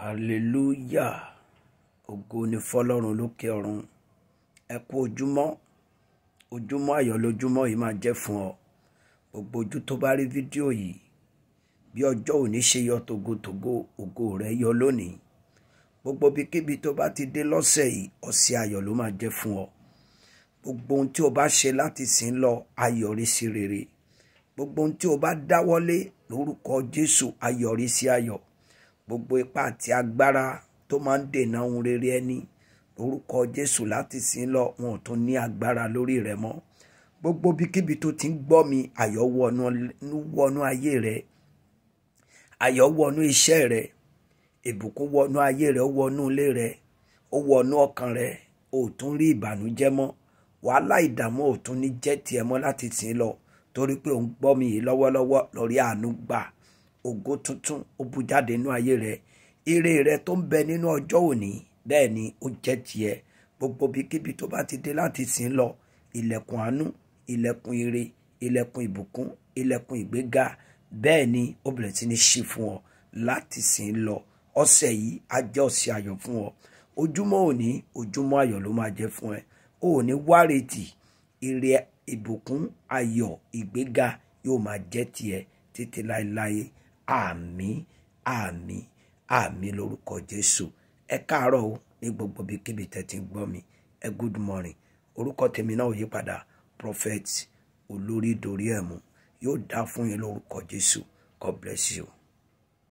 hallelujah ògo ni fọlọ́run lókè ọ̀run ẹ kú ojúmọ́ ojúmọ́ ayọ̀ lójúmọ́ yìí máa jẹ́ fún ọ gbogbo ojú tó bá rí fídíò yìí bí ọjọ́ òní ṣe yọ tògótògó ògo rẹ yọ lónìí gbogbo bíkíbi tó bá ti dé lọ́sẹ̀ yìí ọ̀sẹ̀ ayọ̀ ló máa jẹ́ fún ọ gbogbo ohun tí o bá ṣe láti sìn lọ ayọ̀rí sí rere gbogbo ohun tí o bá dáwọ́lé lórúkọ Jésù ayọ̀rí sí ayọ̀ gbogbo ipá àti agbára tó máa ń dènà ohun rere ẹni orúkọ jésù láti sin lọ wọn ò tún ní agbára lórí rẹ mọ́ gbogbo bíkíbi tó ti ń gbọ́ mi ayọ̀ wọnú ayé rẹ ayọ̀ wọnú iṣẹ́ rẹ ìbùkún wọnú ayé rẹ ó wọnú ilé rẹ ó wọnú ọkàn rẹ ò tún rí ìbànújẹ́ mọ́ wàhálà ìdààmú ò tún ní jẹ́ tiẹ̀ mọ́ láti sìn lọ torí pé òun gbọ́ mi yìí lọ́wọ́lọ́wọ́ lórí àánú gbà ògo tuntun ó bu jáde nínú ayé rẹ ire rẹ tó ń bẹ nínú ọjọ́ òní bẹ́ẹ̀ ni ó jẹ́ tiẹ̀ gbogbo ibikíbi tó bá ti dé láti sìn lọ ilẹ̀kùn àánú ilẹ̀kùn ire ilẹ̀kùn ìbùkún ilẹ̀kùn ìgbéga bẹ́ẹ̀ ni ó bẹ̀rẹ̀ sí ní ṣí fún ọ láti sìn lọ ọ̀sẹ̀ yìí á jẹ́ ọ̀sẹ̀ ayọ̀ fún ọ ojúmọ́ òní ojúmọ́ ayọ̀ ló máa jẹ́ fún ẹ o wárètì ire ìbùkún ayọ̀ ìgbéga yóò máa jẹ́ tiẹ̀ títí láéláé àmín àmín àmín lórúkọ jésù ẹ káàárọ̀ o ní gbogbo bí kíbi tẹ́tí ń gbọ́ mi ẹ good morning orúkọ tèmi náà ò yí padà prophet olórí dorí ẹ̀ mú yóò dá fún yín lórúkọ jésù god bless you.